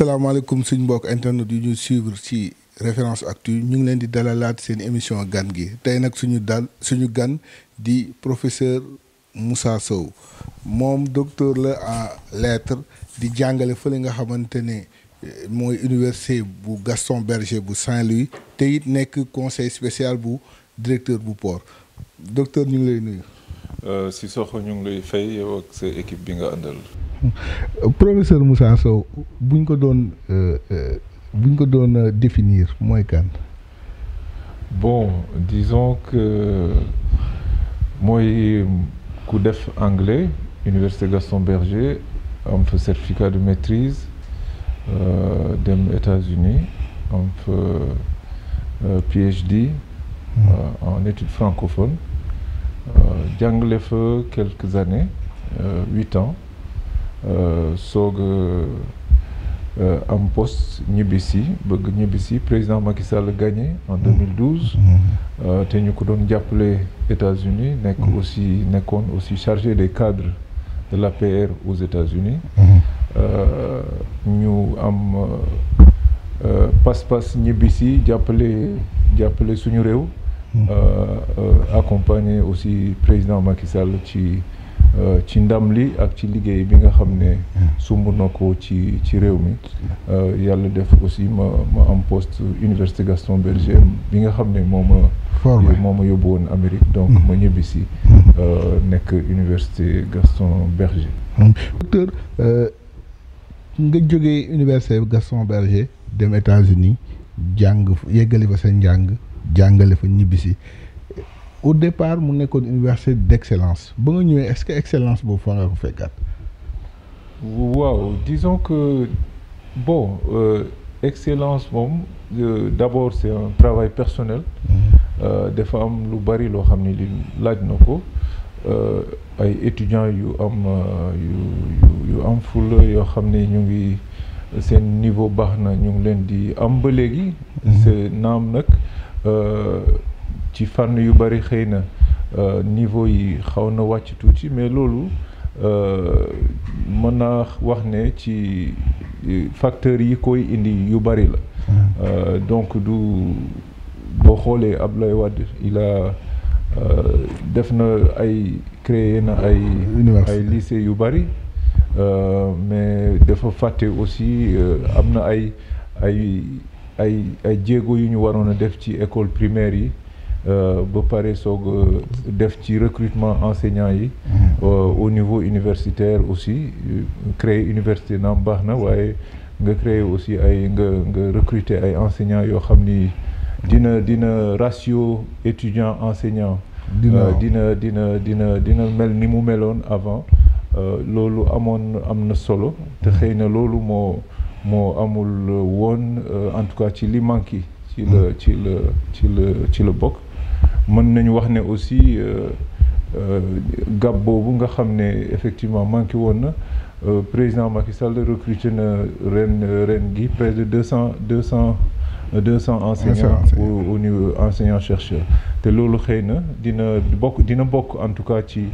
salaamaaleykum suñ mbokk internet yu ñu suivre ci référence actu ñu ngi leen di dalalaat seen émission gan gi tey nag suñu dal suñu gan di professeur Moussa Sow moom docteur la en lettres di jàngale fële nga xamante ne eh, mooy université bu Gaston Berger bu Saint-Louis te it nekk conseil spécial bu directeur bu port docteur ñu ngi lay nuyu. Cissokho euh, ñu ngi lay fay yow ak sa équipe bi nga àndal. professeur Moussa Sow buñ ko doon euh, euh, buñ ko doon définir mooy kan. bon dison que mooy ku def anglais Université Gaston Berger am fa certificat de maîtrise euh, dem États-Unis am fa PhD. Hmm. en études francophones. Euh, jàngale fa quelques années euh, huit ans euh, soog am poste ñibbisi bëgg ñibbisi président Macky Sall gagné en 2012. Mm. Mm. te ñu ko doon jàppale États-Unis nekk mm. aussi nekkoon aussi chargé des cadres de l'APR aux États-Unis ñu am passe-passe ñibbisi jàppale jàppale suñu réew. accompagner aussi président Macky Sall ci ci ndam li ak ci liggéey bi nga xam ne sumb na ko ci ci réew mi yàlla def aussi ma ma am poste université Gaston Berger bi nga xam ne moo ma moo ma yóbbu woon Amérique donc ma ñibbisi nekk université Gaston Berger docteur nga jóge université Gaston Berger dem États-Unis jàng yeggali fa seen njàng jàngale fa ñibbisi au départ mu nekkoon université d'excellence ba nga ñëwee est-ce que excellence boobu fa nga ko fekkaat. waaw disons que bon euh, excellence moom euh, d'abord c'est un travail personnel. Mm-hmm. Euh, dafa am lu bari loo xam ne li laaj na ko euh, ay étudiants yu am yu yu am fula yoo xam ne ñu ngi seen niveau baax na ñu ngi leen di am ba léegi. Mm-hmm. c'est naam nag. Euh, ci fànn yu bëri xëy na euh, niveau yi xaw na wàcc tuuti mais loolu euh, mën naa wax ne ci facteurs yi koy indi yu bëri la. Mm-hmm. donc du boo xoolee Abdoulaye Wade il a def na ay créer na ay. ay lycée yu bëri. mais dafa fàtte aussi am na ay ay. ay ay jéego yu ñu waroon a def ci école primaire yi euh, ba pare soog euh, def ci recrutement enseignants yi mm-hmm. euh, au niveau universitaire aussi créer université naam baax na waaye nga créer aussi ay nga nga recruter ay enseignants yoo xam ni dina dina ratio étudiant enseignant dina dina dina dina dina mel ni mu meloon avant loolu amoon am na solo te xëy na loolu moo moo amul euh, woon euh, en tout cas ci li manqué ci la mm. ci la ci la ci la bokk mën nañu wax ne aussi euh, gab boobu nga xam ne effectivement manqué woon na président Macky Sall recruté na ren ren gi près de deux cent deux cent deux cent enseignants au niveau enseignant chercheur te loolu xëy na dina bokk dina bokk en tout cas ci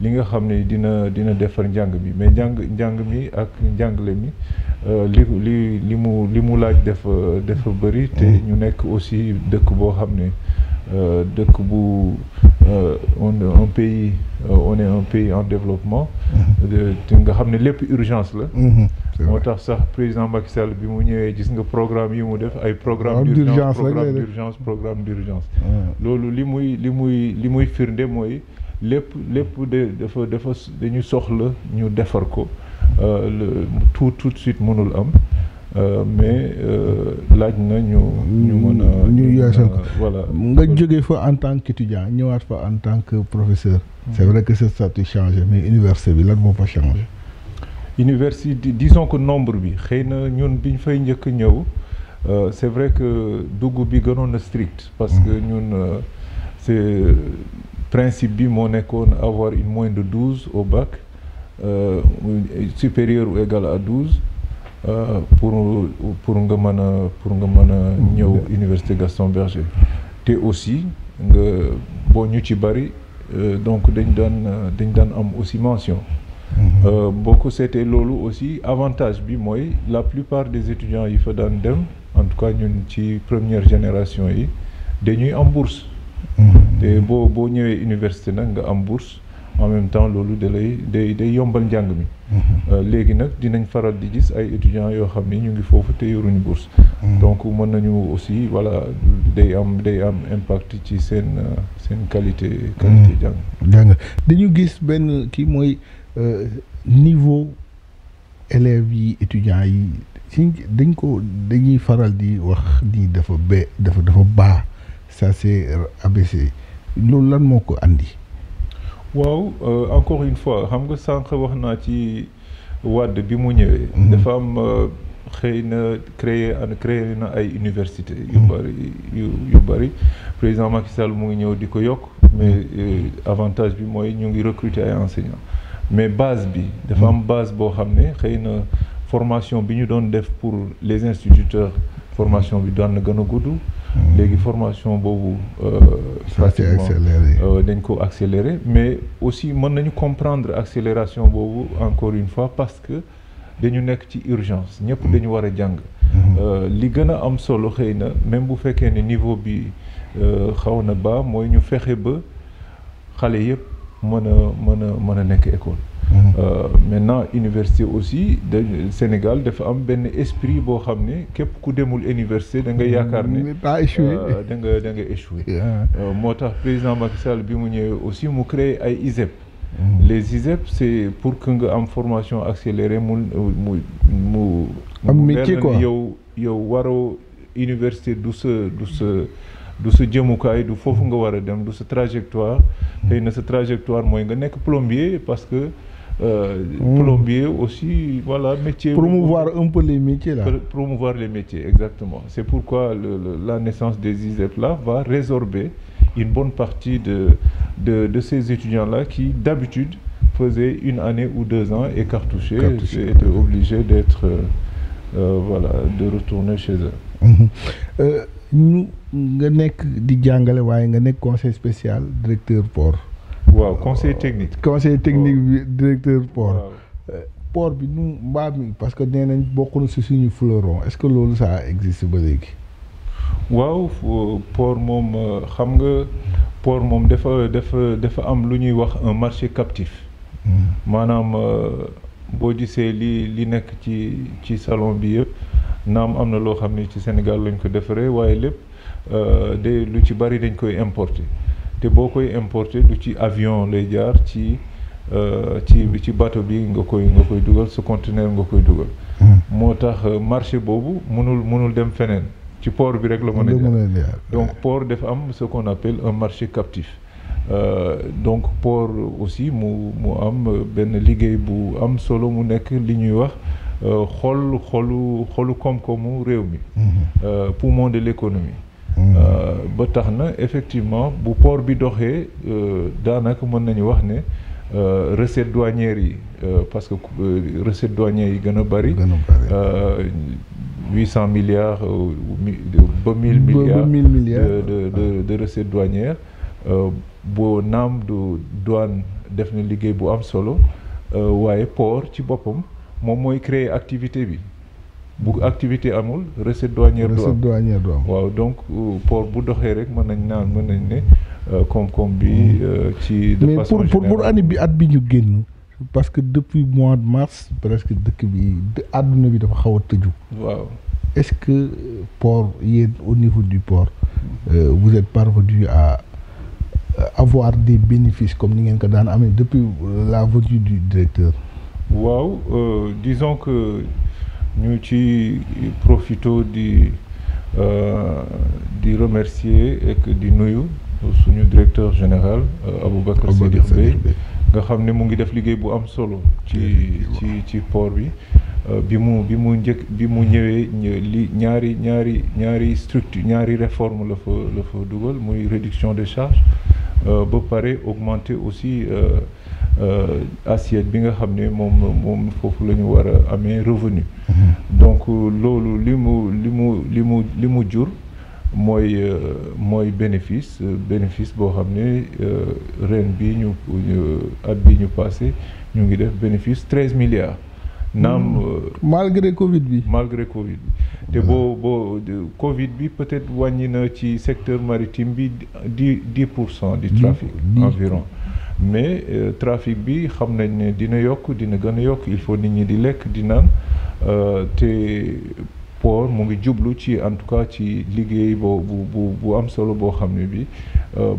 li nga xam ne dina dina defar njàng mi mais njàng njàng mi ak njàngale mi euh, li li li mu li mu laaj dafa dafa bëri te mm-hmm. ñu nekk aussi dëkk boo xam ne euh, dëkk bu euh, on un pays on est un pays en développement mm-hmm. te nga xam ne lépp urgence la mm-hmm. moo tax sax président Macky Sall bi mu ñëwee gis nga programme yi mu def ay programme d'urgence programme d'urgence programme d'urgence loolu li muy li muy li muy firnde mooy lépp lépp de dafa dafa dañu soxla ñu defar ko euh, tout tout de suite mënul am euh, mais euh, laaj na ñu. ñu mën a ñu yeesal ko voilà. nga jógee fa en tant qu'étudiant ñëwaat fa en tant que professeur. Hmm. c'est vrai que ce statut changé mais université bi lan moo fa changé. université disons que nombre bi xëy na ñun biñ fay njëkk ñëw. Euh, c'est vrai que dugg bi gënoon na strict parce que hmm. ñun euh, c'est principe bi moo nekkoon avoir une moyenne de douze au bac euh, supérieure ou égale à douze euh, pour pour nga mën a pour nga mën a ñëw université Gaston Berger te aussi nga boo ñu ci bari euh, donc dañ daan dañ daan am aussi mention mm-hmm. euh, boo ko seetee loolu aussi avantage bi mooy la plupart des étudiants yi fa daan dem en tout cas ñun ci première génération yi dañuy am bourse te boo boo ñëwee université nag nga am bourse en même temps loolu da day day yombal njàng mi. Mhm. Euh, léegi nag dinañ faral di gis ay étudiants yoo xam ni ñu ngi foofu te yoruñu bourse. Mhm. donc mën nañu aussi voilà day am day am impact ci seen seen qualité. qualité mhm. jàng dañu gis benn kii mooy euh, niveau élève yi étudiants yi ci dañ ko dañuy faral di wax ni dafa ba dafa dafa baax. ça s'est euh, abaissé loolu lan moo ko indi waaw euh, encore une fois xam nga sànq wax naa ci wàdd bi mu ñëwee. Mm-hmm. dafa am euh, xëy na créer an créer na ay université yu mm-hmm. bëri yu yu président Macky Sall mu ngi ñëw di ko yokk mais avantage bi mooy ñu ngi recruter ay enseignants mais base bi dafa am mm-hmm. base boo xam ne xëy na formation bi ñu doon def pour les instituteurs formation bi doon na gën a gudd léegi formation boobu. Euh, pratiquement euh, dañ ko accélérer mais aussi mën nañu comprendre accélération boobu encore une fois parce que dañu nekk ci urgence ñëpp mm-hmm. dañu war a jàng. Mm-hmm. Euh, li gën a am solo xëy na même bu fekkee ne niveau bi xaw na ba mooy ñu fexe ba xale yëpp mën a mën a mën a nekk école. Mhm. Euh, maintenant université aussi da Sénégal dafa am benn esprit boo xam ne képp ku demul université da nga mhm. yaakaar ne pas échoué euh, da nga da nga euh, moo tax président Macky bi mu ñëwee aussi mu créé ay ISEP mhm. les ISEP c'est pour que nga am formation accélérée mu mu mu am métier quoi yow yow waroo université du sa du sa du sa jëmukaay du foofu nga war a dem du sa trajectoire xëy na sa trajectoire mooy nga nekk plombier parce que Euh, mmh. plombier aussi, voilà, métier. Promouvoir un peu les métiers là. Promouvoir les métiers, exactement. C'est pourquoi le, la naissance des ISEP là va résorber une bonne partie de, de, de ces étudiants-là qui, d'habitude, faisaient une année ou deux ans et cartouchaient, Cartouché. et étaient obligés d'être, euh, euh, de retourner chez eux. Mmh. Euh, nous, nga nekk di jàngale waaye nga nekk conseil spécial directeur port waaw conseil technique. conseil technique bi directeur port. Eh, port bi nu mbaa mi parce que nee nañ bokk na si suñu fleuron est-ce que loolu ça existe ba léegi. waaw port moom euh, xam nga port moom dafa dafa dafa am lu ñuy wax un marché captif. Hmm. maanaam euh, boo gisee li li nekk ci ci salon bi yëpp naam am na loo xam ne ci Sénégal lañ ko defaree waaye lépp euh, de lu ci bari dañ koy importer. te boo koy importer du ci avion lay jaar ci euh, ci hmm. ci bateau bi nga koy nga koy dugal sa conteneur nga koy dugal. Hmm. moo tax euh, marché boobu mënul mënul dem feneen ci port bi rek la mën a jaar donc port dafa am ce qu'on un marché captif euh, donc port aussi mu mu am benn liggéey bu am solo mu nekk li ñuy wax xol xolu xolu koom-koomu réew mi hmm. poumon de l'économie Euh, hmm. ba tax na effectivement bu port bi doxee euh, daanaka mën nañu wax ne euh, recette douanières yi parce que recette douanières yi gën a bari. huit cent milliards ba mille milliards de de de ah. de recettes douanières boo naam du douane def na liggéey bu am solo waaye port ci boppam moom mooy créer activité bi. bu activité amul recette douanière du am recette douanière du am waaw donc euh, port bu doxee rek mën nañ naan mën nañ ne euh, koom-koom bi mm. euh, ci de façon générale mais pour pour année bi at bi ñu génn parce que depuis mois de mars presque dëkk bi àdduna bi dafa xaw a tëju waaw est-ce que port yéen au niveau du port euh, vous êtes parvenu à avoir des bénéfices comme ni ngeen ko daan amee depuis la venue du directeur waaw euh, disons que ñu ci profito di euh, di remercier et di nuyu suñu directeur général euh, Aboubacar Sadikh Bey nga xam ni mu ngi def liggéey bu am solo ci ci ci port bi euh, bi mu mu njëkk bi mu ñëwee li ñaari ñaari ñaari structure ñaari réforme la fa la fa dugal muy réduction des charges ba pare augmenter aussi Euh, assiette bi nga xam ne moom moom foofu la ñu war a amee revenu mhm. donc euh, loolu li mu li mu li mu li mu jur mooy euh, mooy bénéfice bénéfice boo xam ne ren bi ñu at bi ñu passé ñu ngi def bénéfice treize milliards naam. Hmm. Euh, malgré Covid bi. malgré Covid bi te boo hmm. boo Covid bi peut-être wàññi na ci secteur maritime bi di di pour cent du trafic. environ mais euh, trafic bi xam nañ ne dina yokk dina gën a yokk il faut nit ñi di lekk dina naan euh, te port mu ngi jublu ci en tout cas ci liggéey boo bu bu bu am solo boo xam ne bi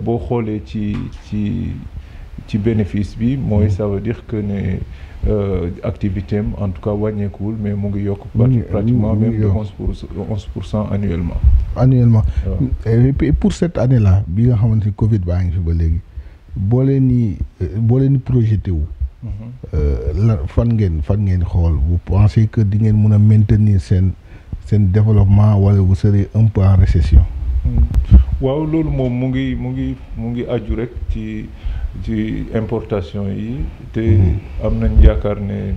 boo xoolee ci ci ci bénéfice bi mooy hmm. ça veut dire que ne. Euh, activité am en tout cas wàññeekuwul mais mu ngi yokk. pratiquement même de onze pour onze pour cent annuellement. annuellement et pour cette année la bi nga xamante ni Covid baa ngi fi ba léegi boo leen ni boo leen ni projeté wu. Mhm. Euh, la fan ngeen fan ngeen xool bu pensez que di ngeen mun a maintenir seen seen développement wala vous serez un peu récession. Hmm. waaw loolu moom mu ngi mu ngi mu ngi aju rek ci ci importation yi te mm-hmm. am nañ yaakaar ne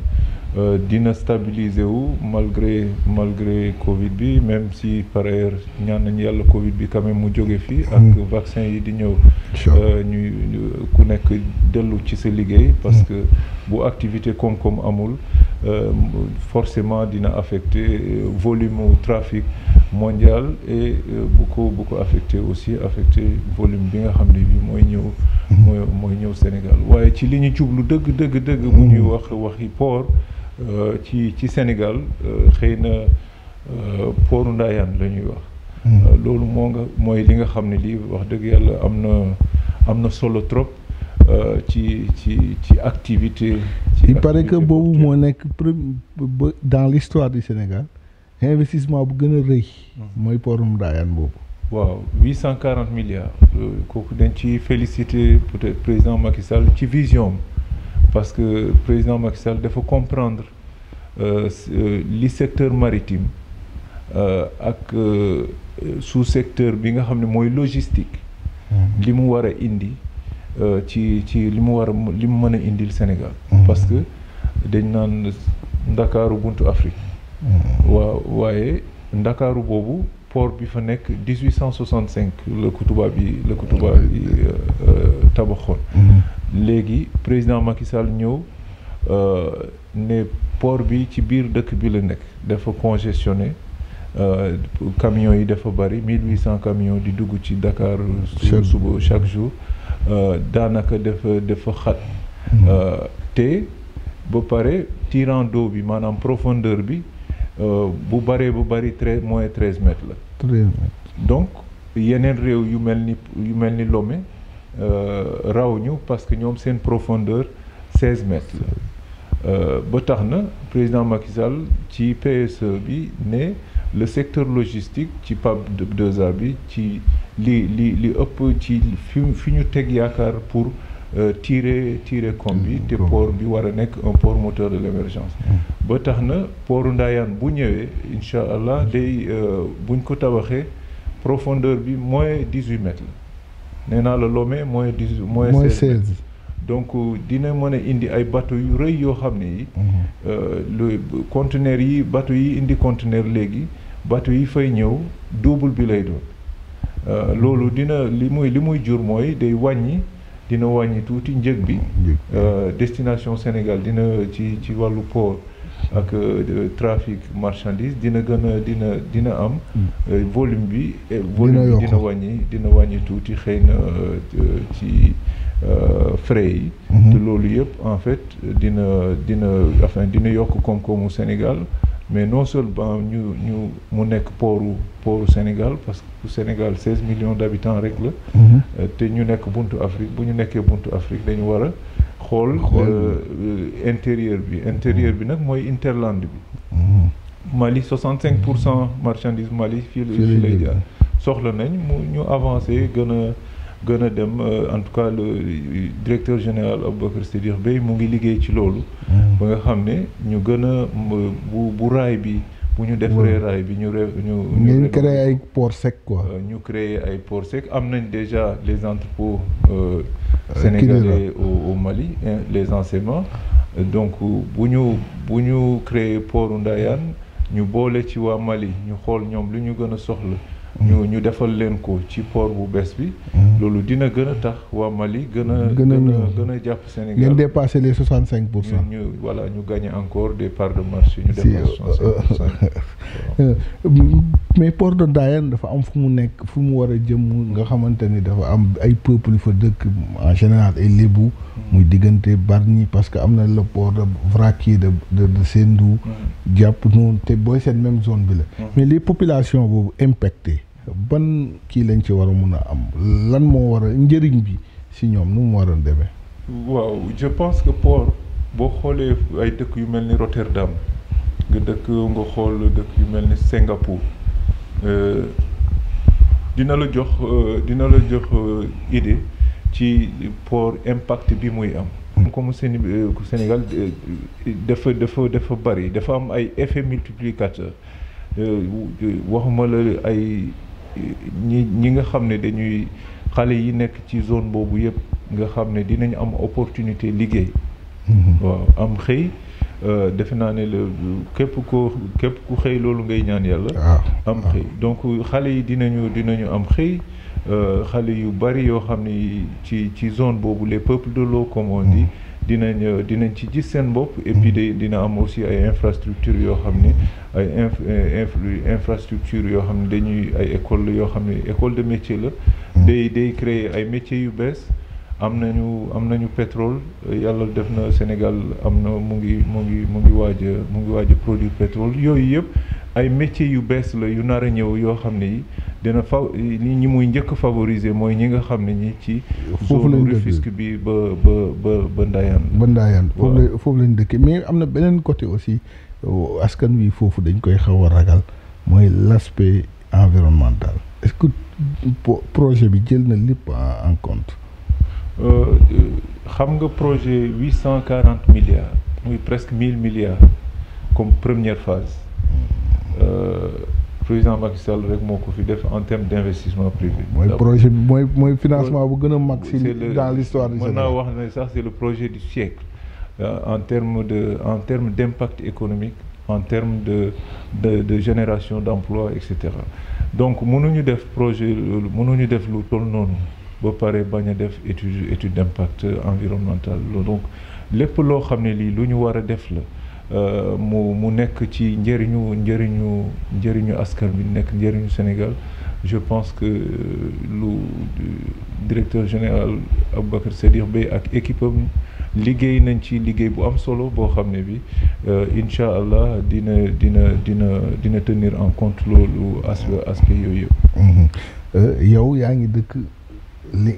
euh, dina stabiliser wu malgré malgré Covid bi même si par ailleurs ñaan nañ yàlla Covid bi quand mu jóge fii. ak mm. vaccin yi di ñëw. Euh, ñuy ku nekk dellu ci sa liggéey. parce mm-hmm. que bu activité koom-koom amul. Euh, forcément dina affecté euh, volume mu trafic mondial et euh, bu ko bu ko affecté aussi affecté volume bi nga xam ne bi mooy ñëw mooy ñëw Sénégal waaye ci li ñu jublu dëgg dëgg dëgg bu ñuy wax waxi port ci ci Sénégal xëy na pooru Ndayane la ñuy wax hmm. loolu moo nga mooy li nga xam ne lii wax dëgg yàlla am na am na solo trop Euh, ci ci ci activité. ci il pare que boobu moo nekk dans l'histoire du Sénégal investissement bu gën a rëy. Mhm. mooy porum Ndayane boobu. waaw huit cent quarante milliards. Euh, kooku dañ ci féliciter peut-être président Macky Sall ci vision parce que président Macky Sall dafa comprendre euh, li secteur maritime ak sous-secteur bi nga xam ne mooy logistique. Mhm. li mu war a indi. Euh, ci ci li mu war a li mu mën a indil Sénégal. Mm-hmm. parce que dañ naan ndakaaru buntu Afrique. Mm-hmm. waa waaye ndakaaru boobu poor bi fa nekk dix huit cent soixante cinq la ko tubaab yi la ko tubaab euh, euh, tabaxoon. Mm-hmm. léegi président Macky ñëw ne poor bi ci biir dëkk bi la nekk dafa congestionné. Euh, camions yi dafa bari mille huit cent camions di dugg ci Dakar. chaque chaque jour Euh, daanaka dafa dafa xat hmm. euh, te ba pare tirant d'eau bi maanaam profondeur bi euh, bu baree bu bari très moins treize mètres la donc yeneen réew yu mel ni yu mel ni Lomé raw ñu parce que ñoom seen profondeur seize mètres ba tax na président Macky ci PSE bi ne le secteur logistique ci PAP 2A bi ci li li li ëpp ci fi fi ñu teg yaakaar pour euh, tirer tirer comme bi mm-hmm. te port bi war a nekk un port moteur de l'émergence mm. ba tax na port Ndayane bu ñëwee incha allah day euh, buñ ko tabaxee profondeur bi moins dix-huit mètres la nee naa la Lomé moins dix moins seize donc euh, dina mën a indi ay bateau yu rëy yoo xam ne yi mm-hmm. lu conteneur yi bateau yi indi conteneur léegi bateau yi fay ñëw double bi lay doon Euh, loolu dina li muy li muy jur mooy day wàññi dina wàññi tuuti njëg bi euh, destination Sénégal dina ci ci wàllu port ak euh, trafic marchandise dina gën a dina dina am hmm. volume bi volume dina wàññi dina wàññi tuuti xëy na ci frais yi hmm. te loolu yëpp en fait dina dina enfin dina yokk koom-koomu Sénégal mais non seulement ñu ñu mu nekk pooru pooru Sénégal parce que Sénégal million millions d'habitants rek la. Mhm. Euh, te ñu nekk buntu Afrique bu ñu nekkee buntu Afrique dañu war a xool. Euh, intérieur bi intérieur mhm. bi nag mooy interland bi. Mhm. Mali 65 pour cent marchandise Mali fii la. lay jaar soxla nañ mu ñu avancer gën a. gën a dem euh, en tout cas le euh, directeur général Aboubacar Sidikh Bèye mu ngi liggéey ci loolu. Mm. ba nga xam ne ñu gën a bu bu raay bi. bu ñu defaree mm. raay bi ñu re ñu. ñu créé ay port sec quoi. Euh, ñu créé ay port sec am nañ déjà les entrepôts. sénégalais au au Mali les enseignements. donc bu ñu bu ñu créé portu Ndayane ñu boole ci waa Mali ñu xool ñoom lu ñu gën a soxla. ñu defal leen ko ci port bu bees bi. Mm-hmm. loolu dina gën a tax waa Mali gën a. gën a gën a jàpp Sénégal ngeen dépassé les soixante cinq pour cent. ñu voilà ñu gagné encore des parts de marché. ñu dépassé euh, soixante euh, mais port de Dayane dafa am fu mu nekk fu mu war a jëm nga xamante ni dafa am ay peuple fa dëkk en général ay lébu. Mm-hmm. muy diggante Bargny parce que am na le port de vraquier de de du mm-hmm. jàpp noonu te booy seen même zone bi la. mais les populations boobu impacté ban kii lañ ci war a mun a am lan moo war a njëriñ bi si ñoom nu mu war a demee. waaw je pense que port boo xoolee ay dëkk yu mel ni Rotterdam nga dëkk nga xool dëkk yu mel ni Singapour euh, dina la jox euh, dina la jox euh, idée ci port impact bi muy am. Hmm. comme Sénégal dafa dafa dafa bari dafa am ay effet multiplicateur waxuma la ay ñi ñi nga xam ne dañuy xale yi nekk ci zone boobu yëpp nga xam ne dinañ am opportunité liggéey mm-hmm. waaw am xëy euh, defe naa ne la képp ko képp ku xëy loolu ngay ñaan yàlla ah, am ah. xëy donc xale yi dinañu dinañu am xëy euh, xale yu bari yoo xam ne ci ci zone boobu les peuples de l'eau comme dinañ dinañ ci gis seen bopp. et day dina am aussi ay infrastructures yoo xam ne ay inf euh, infrastructure yoo xam ne dañuy ay école yoo xam ne école de métier la. day day créer ay métiers yu bees. am nañu am nañu pétrole yàlla def na Sénégal am na mu ngi mu ngi mu ngi waaj mu ngi waaj a produire pétrole yooyu yëpp. ay métiers yu bees la yu nar a ñëw yoo xam ne yi dina fa li ñi muy njëkk favoriser mooy ñi nga xam ne ñi ci foofu lañ bi ba ba ba ba Ndayane foofu la foofu lañ dëkkee mais am na beneen côté aussi euh, askan wi foofu dañ koy xaw a ragal mooy l'aspect environnemental est-ce que projet bi jël na lépp en compte euh, euh, xam nga projet huit cent quarante milliards muy presque mille milliards comme première phase hmm. Euh, président Macky Sall rek moo ko fi def en terme d' investissement privé. mooy projet bi mooy mooy financement bu gën a mag. si dans l'histoire du Sénégal mën naa wax ne sax c' est le projet du siècle euh, en terme de en terme d' impact économique en terme de de de génération d' emploi et cetera donc mënuñu def projet mënuñu def lu toll noonu ba pare bañ a def étude étude d' impact environnemental donc lépp loo xam ne lii lu ñu war a def la. Euh, mu mu nekk ci njëriñu njëriñu njëriñu askan bi nekk njëriñu Sénégal je pense que euh, lu euh, directeur général Aboubacar Sadikh Bèye ak équipe liggéey nañ ci liggéey bu am solo boo xam ne bi incha allah dina dina dina dina tenir en compte loolu aspect aspect yooyu mhm. yow yaa ngi dëkk li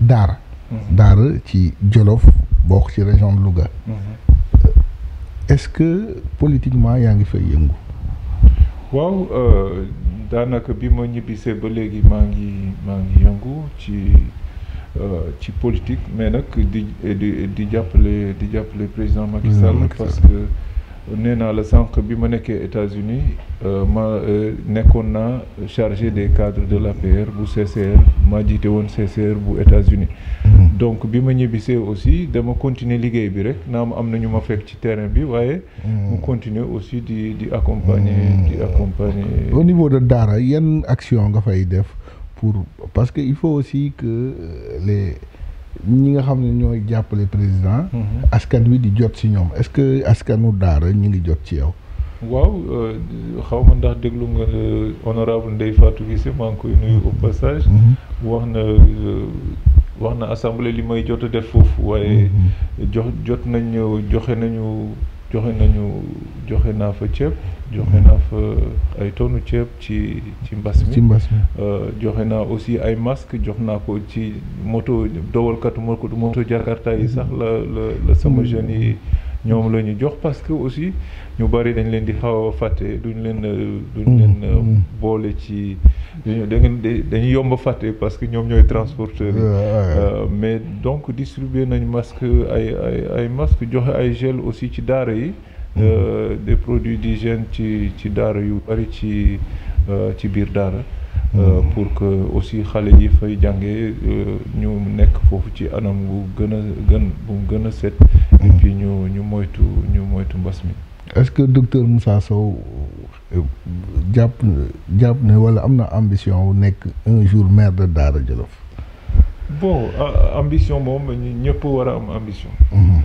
Daara. Mhm. Daara ci Jolof bokk ci région de Louga. Mhm. est-ce que politiquement yaa ngi fay yëngu. waaw euh, daanaka bi ma ñibbisee ba léegi maa ngi maa ngi yëngu ci euh, ci politique mais nag di di di jàppale di jàppale président Macky mm, Sall parce que. nee naa la sànq bi ma nekkee États-Unis euh, ma euh, nekkoon naa charger des cadre de l'APR bu CCR maa jiite woon CCR bu États-Unis hmm. donc bi ma ñibbisee aussi dama continuer liggéey bi rek naam am na ñu ma fekk ci terrain bi waaye. Hmm. mu continuer aussi di di accompagner hmm. di accompagner. au niveau de Daara yan action nga fay def pour parce que il faut aussi que les. ñi nga xam ne ñooy jàppale président. Mhm. askan wi di jot ci ñoom est-ce que askanu daara ñu ngi jot ci yow. waaw euh, xaw ma ndax déglu nga euh, honorable Ndeye Fatou Guissé maa ngi koy nuyu au passage. Mhm. wax na euh, wax na assemblée li may jot a def foofu waaye mhm. jox jot nañu joxe nañu. joxe nañu joxe naa fa ceeb joxe naa fa ay tonu ceeb ci ci mbas mi ci mbas mi euh, joxe naa aussi ay masque jox naa ko ci moto dowalkatu moto Jakarta yi sax la la la sama mm. jeunes yi ñoom la ñu jox parce que aussi ñu bari dañ leen di xaw a fàtte duñ leen. Euh, duñ mm, leen euh, mm. boole ci dañuy yomb a fàtte parce que ñoom ñooy transporteurs yi. Euh, mais donc distribuer nañ masque ay ay ay masque joxe ay gel aussi ci daara yi. Mm. des produits d'hygiène ci ci daara yu bari ci ci biir daara. Euh, hmm. pour que aussi xale yi fay jànge euh, ñu nekk foofu ci anam bu gën a gën bu gën a set. et ñu ñu moytu ñu moytu mbas mi. est-ce que docteur Moussa Sow euh, jàpp ne walla am na ambition wu nekk un jour maire de Daara Jolof. bon ambition moom ñëpp war a am ambition. Hmm.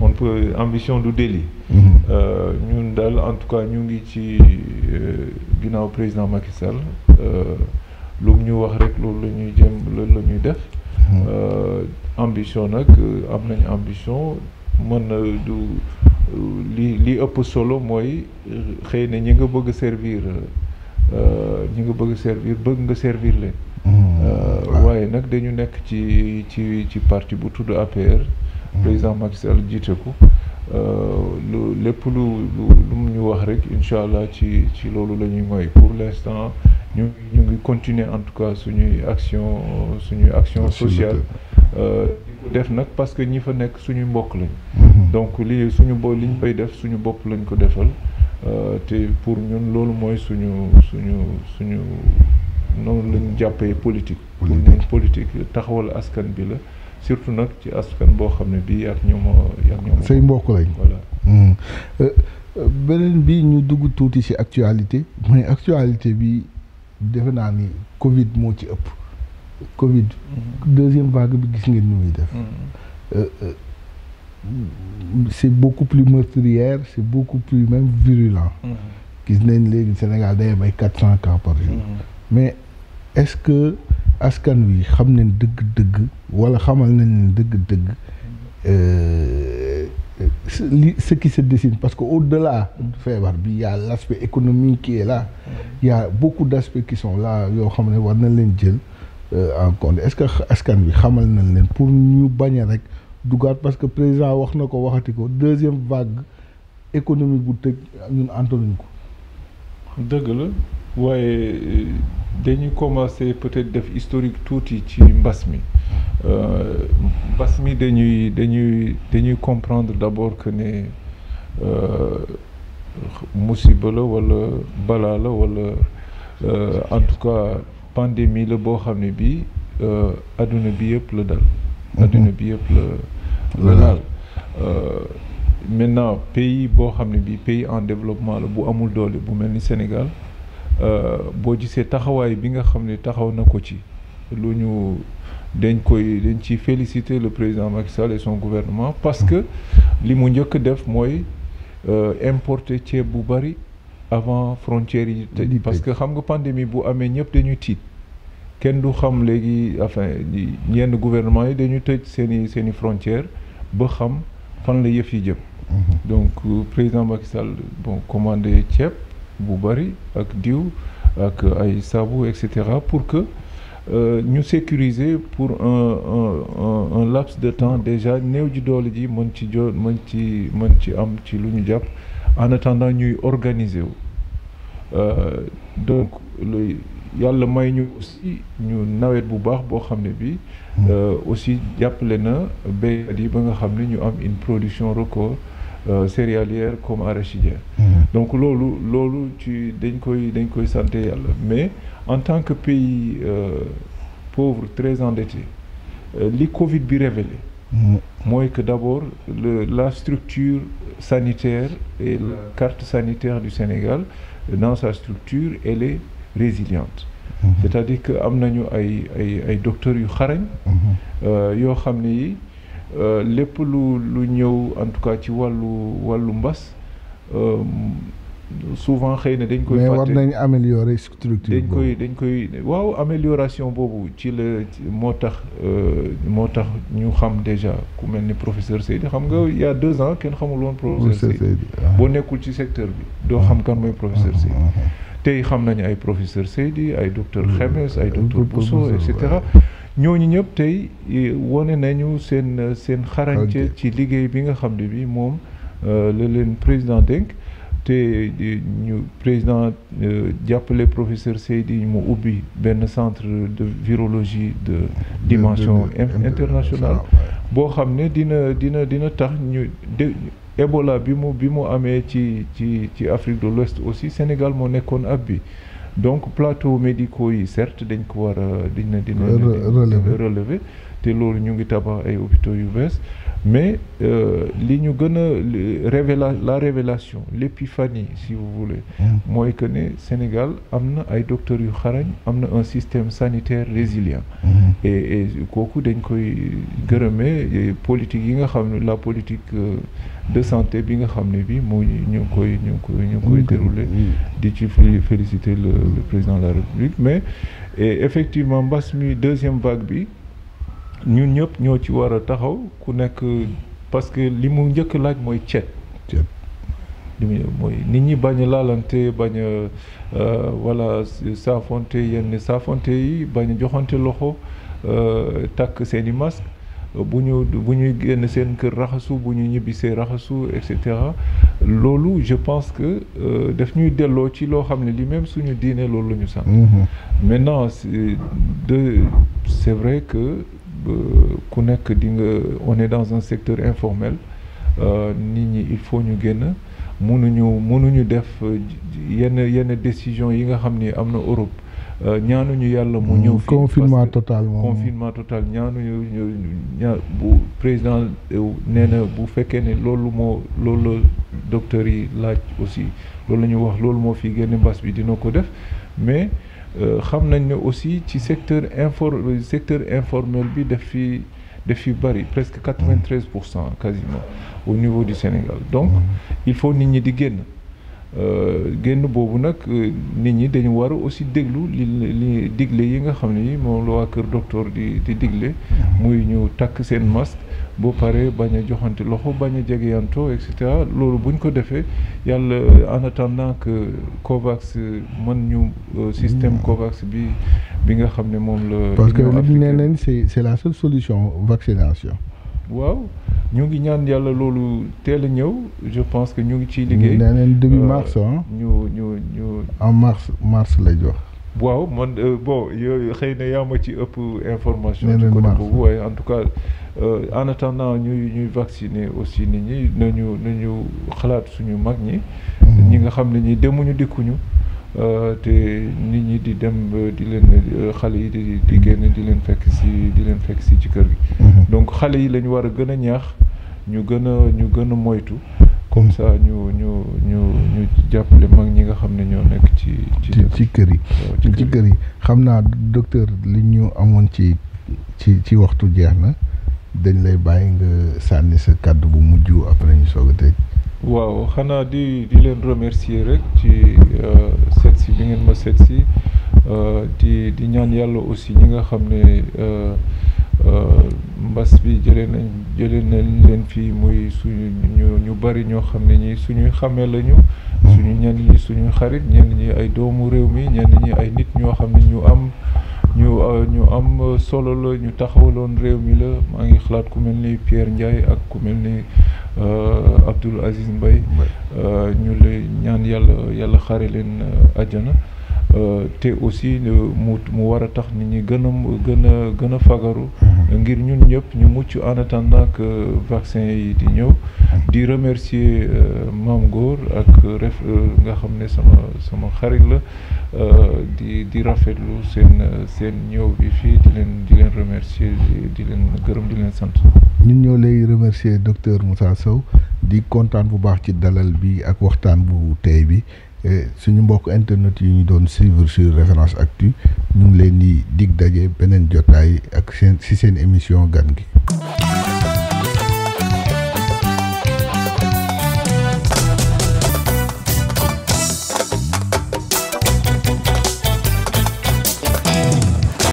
on peut ambition du délit. Hmm. ñun dal en tout cas ñu ngi ci ginnaaw président Macky Euh, lu mu ñu wax rek loolu la ñuy jëm loolu la ñuy def. Hmm. Euh, ambition nag euh, am nañ ambition mën na du li li ëpp solo mooy xëy na ñi nga bëgg servir ñi nga bëgg servir bëgg nga servir leen. Hmm. waaye nag dañu nekk ci ci ci parti bu tudd APR. Hmm. président Macky Sall jiite ko. lu lépp lu lu mu ñu wax rek incha allah ci ci loolu la ñuy mooy pour l'instant. ñu ñu ngi continuer en tout cas suñuy action suñuy action sociale euh, def nag parce que ñi fa nekk suñu mbokk lañ donc lii suñu bo liñ ñu koy def suñu bokk lañ ko defal euh, te pour ñun loolu mooy suñu suñu suñu noonu lañu jàppee politique pour politique taxawal askan bi la surtout nag ci askan boo xam ne bii ak ñoom ak ñoom say mbokk lañ voilà hmm. euh, beneen bi ñu dugg tuuti ci actualité mooy actualité bi defe naa ni Covid moo ci ëpp. Covid. Mm-hmm. deuxième vague bi gis ngeen ni muy def. Mm-hmm. Euh, euh, c'est beaucoup plus meurtrière c'est beaucoup plus même virulent. Mm-hmm. gis nañ léegi Sénégal day bay ay quatre cent cas par jour. mais est-ce que askan wi xam nañ dëgg-dëgg wala xamal nañ dëgg-dëgg. Euh, li ce qui se parce que au-delà feebar bi y a l'aspect économique qui est là y a beaucoup d'aspects qui sont là yoo xam ne war nañ leen jël euh, en compte est-ce que askan bi xamal nañ leen pour ñu bañee rek dugaat parce que président wax na ko waxati ko deuxième vague économique bu tëj ñun antaluñ ko dëgg la waaye euh, dañuy commencer peut-être def historique tuuti ci mbas mi Euh, mbas mi dañuy dañuy dañuy comprendre d'abord que ne euh, musiba la wala balaa la wala euh, en tout cas pandémie la boo xam ne bii adduna bi yëpp la dal mm-hmm. adduna bi yëpp la la mm-hmm. laal maintenant pays boo xam ne bii pays en développement la bu amul doole bu mel ni Sénégal boo gisee taxawaay bi nga xam ne taxaw na ko ci lu ñu dañ koy dañ ci féliciter le président Macky Sall et son gouvernement parce que li mu njëkk def mooy euh, importer ceeb bu bari avant frontières yi tëj parce que xam nga pandémie bu amee ñëpp dañu tiit kenn du xam léegi enfin yenn gouvernement yi dañu tëj seeni seeni frontière ba xam fan la yëf yi jëm mhm. donc euh, président Macky Sall bon commandé ceeb bu bari ak diw ak ay saabu et pour que Euh, ñu sécuriser pour un un un laps de temps déjà néew ji doole ji mën ci jo mën ci mën ci am ci lu ñu jàpp en tendant ñuy organiser wu euh, donc lu yàlla may ñu aussi ñu nawet bu baax boo xam ne bi mm. euh, aussi jàppale na béykat di ba nga xam ne ñu am une production record céréalière comme arachidière mm. donc loolu loolu ci dañ koy dañ koy sant yàlla mais en tant que pays euh, pauvre très endetté euh, li Covid bi révélé mooy que d'abord le, la structure sanitaire et la carte sanitaire du Sénégal dans sa structure elle est résiliente mm-hmm. c'est-à-dire que am nañu ay ay ay docteurs yu xarañ mm-hmm. euh, yoo xam ni yi euh, lépp lu lu ñëw en tout cas ci wàllu wàllu mbas souvent xëy na dañ koy. mais war nañ améliorer structure dañ koy dañ koy waaw amélioration boobu ci la moo tax euh, moo tax ñu xam déjà ku mel ni professeur Seydi xam nga il y a deux ans kenn xamul woon. professeur Seydi ah. boo nekkul ci secteur bi doo xam kan mooy professeur ah, Seydi. Ah, tey xam nañu ay professeur di ay docteur Xemes ay docteur Bousso et cetera. ñooñu ñëpp tey euh, wane nañu seen seen xarañte ci liggéey bi nga xam ne bi moom euh, la leen président dénk. te eh, ñu président eh, jàppale professeur Seydi mu ubbi benn centre de virologie de dimension internationale boo xam ne dina dina dina tax ñu de Ebola bi mu bi mu amee ci ci ci Afrique de l'Ouest aussi Sénégal moo nekkoon ab bi donc plateau médicaux yi certes dañ ko war a dina dina relever te loolu ñu ngi tabax ay hôpitaux yu bees mais euh, li ñu gën a révéla la révélation l'épiphanie si vous voulez mm. mooy que ne Sénégal am na ay docteurs yu xarañ am na un système sanitaire résilient mm. et et kooku dañ koy gërëmee politique yi nga xam ne la politique euh, de santé bi nga xam ne bi moo ñu koy ñu ngi koy ñu ngi koy mm. déroulé di ci féliciter le président de la République mais effectivement mbas mi deuxième vague bi ñun ñëpp ñoo ci war a taxaw ku nekk parce que li mu njëkk laaj mooy cet cet mooy nit ñi bañ a laalante bañ wala euh, saafonte yenn saafonte yi bañ a joxante loxo euh, takk seen i masque bu ñu bu ñuy génn seen kër raxasu bu ñu ñibbisee raxasu et loolu je pense que euh, daf ñuy delloo ci loo xam ne li même suñu diine loolu la ñu sant mm-hmm. c'est vrai que Euh, ku nekk di nga on dans un secteur informel euh, nit ñi il faut ñu génn mënuñu mënuñu def euh, yenn yenn décision yi nga xam ni am na Europe ñaanuñu yàlla mu ñëw. Mm, confinement total moom confinement total ñu ña bu président nee na bu fekkee ne loolu moo loolu la docteur yi laaj aussi loolu la ñu wax loolu moo fi génn mbas bi dina ko def mais. Euh, xam nañ ne aussi ci secteur infor secteur informel bi daf fi daf fi bëri presque quatre vingt pour cent quasiment au niveau du Sénégal donc mm-hmm. il faut nit ñi di génn. Euh, génn boobu nag euh, nit ñi dañu war a aussi déglu li li digle yi nga xam ne moom la waa kër docteur di di digle muy ñu takk seen masque boo paree bañ a joxante loxo bañ a jegeyanto et cetera loolu buñ ko defee yàlla en attendant que COVAX mën ñu euh, système mm. COVAX bi bi nga xam ne moom la. parce que li ñu nee nañ c'est c'est la seule solution vaccination. waaw ñu ngi ñaan yàlla loolu teel a ñëw je pense que ñu ngi ciy liggéey. nee nañ début euh, mars ah. ñu ñu ñu. en mars mars lay jox. waaw man euh, bo yooyu xëy na yaa ci ëpp information. ci côté boobu waaye en tout cas euh, en attendant ñuy ñuy vacciner aussi nit ñi nañu nañu xalaat suñu mag ñi. Mm-hmm. ñi nga xam ne ñi demuñu dikkuñu. Euh, te nit ñi di dem di leen euh, xale yi di di génn di leen fekk si di leen fekk si ci kër gi. Mhm. donc xale yi lañu war a gën a ñax ñu gën a ñu gën a moytu. comme ça ñu ñu ñu ñu jàppale mag ñi nga xam ne ñoo nekk ci. ci kër yi ci kër yi xam naa docteur li ñu amoon ci ci ci waxtu jeex na dañ lay bàyyi nga sànni sa kàddu bu mujj après ñu soog a tëj waaw xanaa di di leen remercier rek ci euh, seet si bi ngeen ma seet si euh, di di ñaan yàlla aussi ñi nga xam ne euh, mbas bi jëlee nañ jëlee nañ leen fii muy suñu ñu ñu bari ñoo xam ne ñi suñuy xamee lañu suñu ñenn ñi suñuy xarit ñenn ñi ay doomu réew mi ñen ñi ay nit ñoo xam ne ñu am ñu ñu am solo la ñu taxawloon réew mi la maa ngi xalaat ku mel ni Pierre Ndiaye ak ku mel ni. Abdoul Aziz Mbaye euh, ñu lay ñaan yàlla yàlla xaare leen euh, àjjana Euh, te aussi mu mu war a tax nit ñi gën a gën a gën a fagaru mhm. ngir ñun ñëpp ñu mucc en attendant que vaccin yi di ñëw di remercier euh, Mame Gor ak ref euh, nga xam ne sama sama xarit la di di rafetlu seen seen ñëw bi fii di leen di leen di leen gërëm di leen sant ñun ñoo lay remercier docteur Moussa Sow di kontaan bu baax ci dalal bi ak waxtaan bu teey bi suñu mbokk internet yi ñu doon suivre sur référence actu ñu ngi leen di dig daje beneen jotaay ak seen si seen émission gan gi.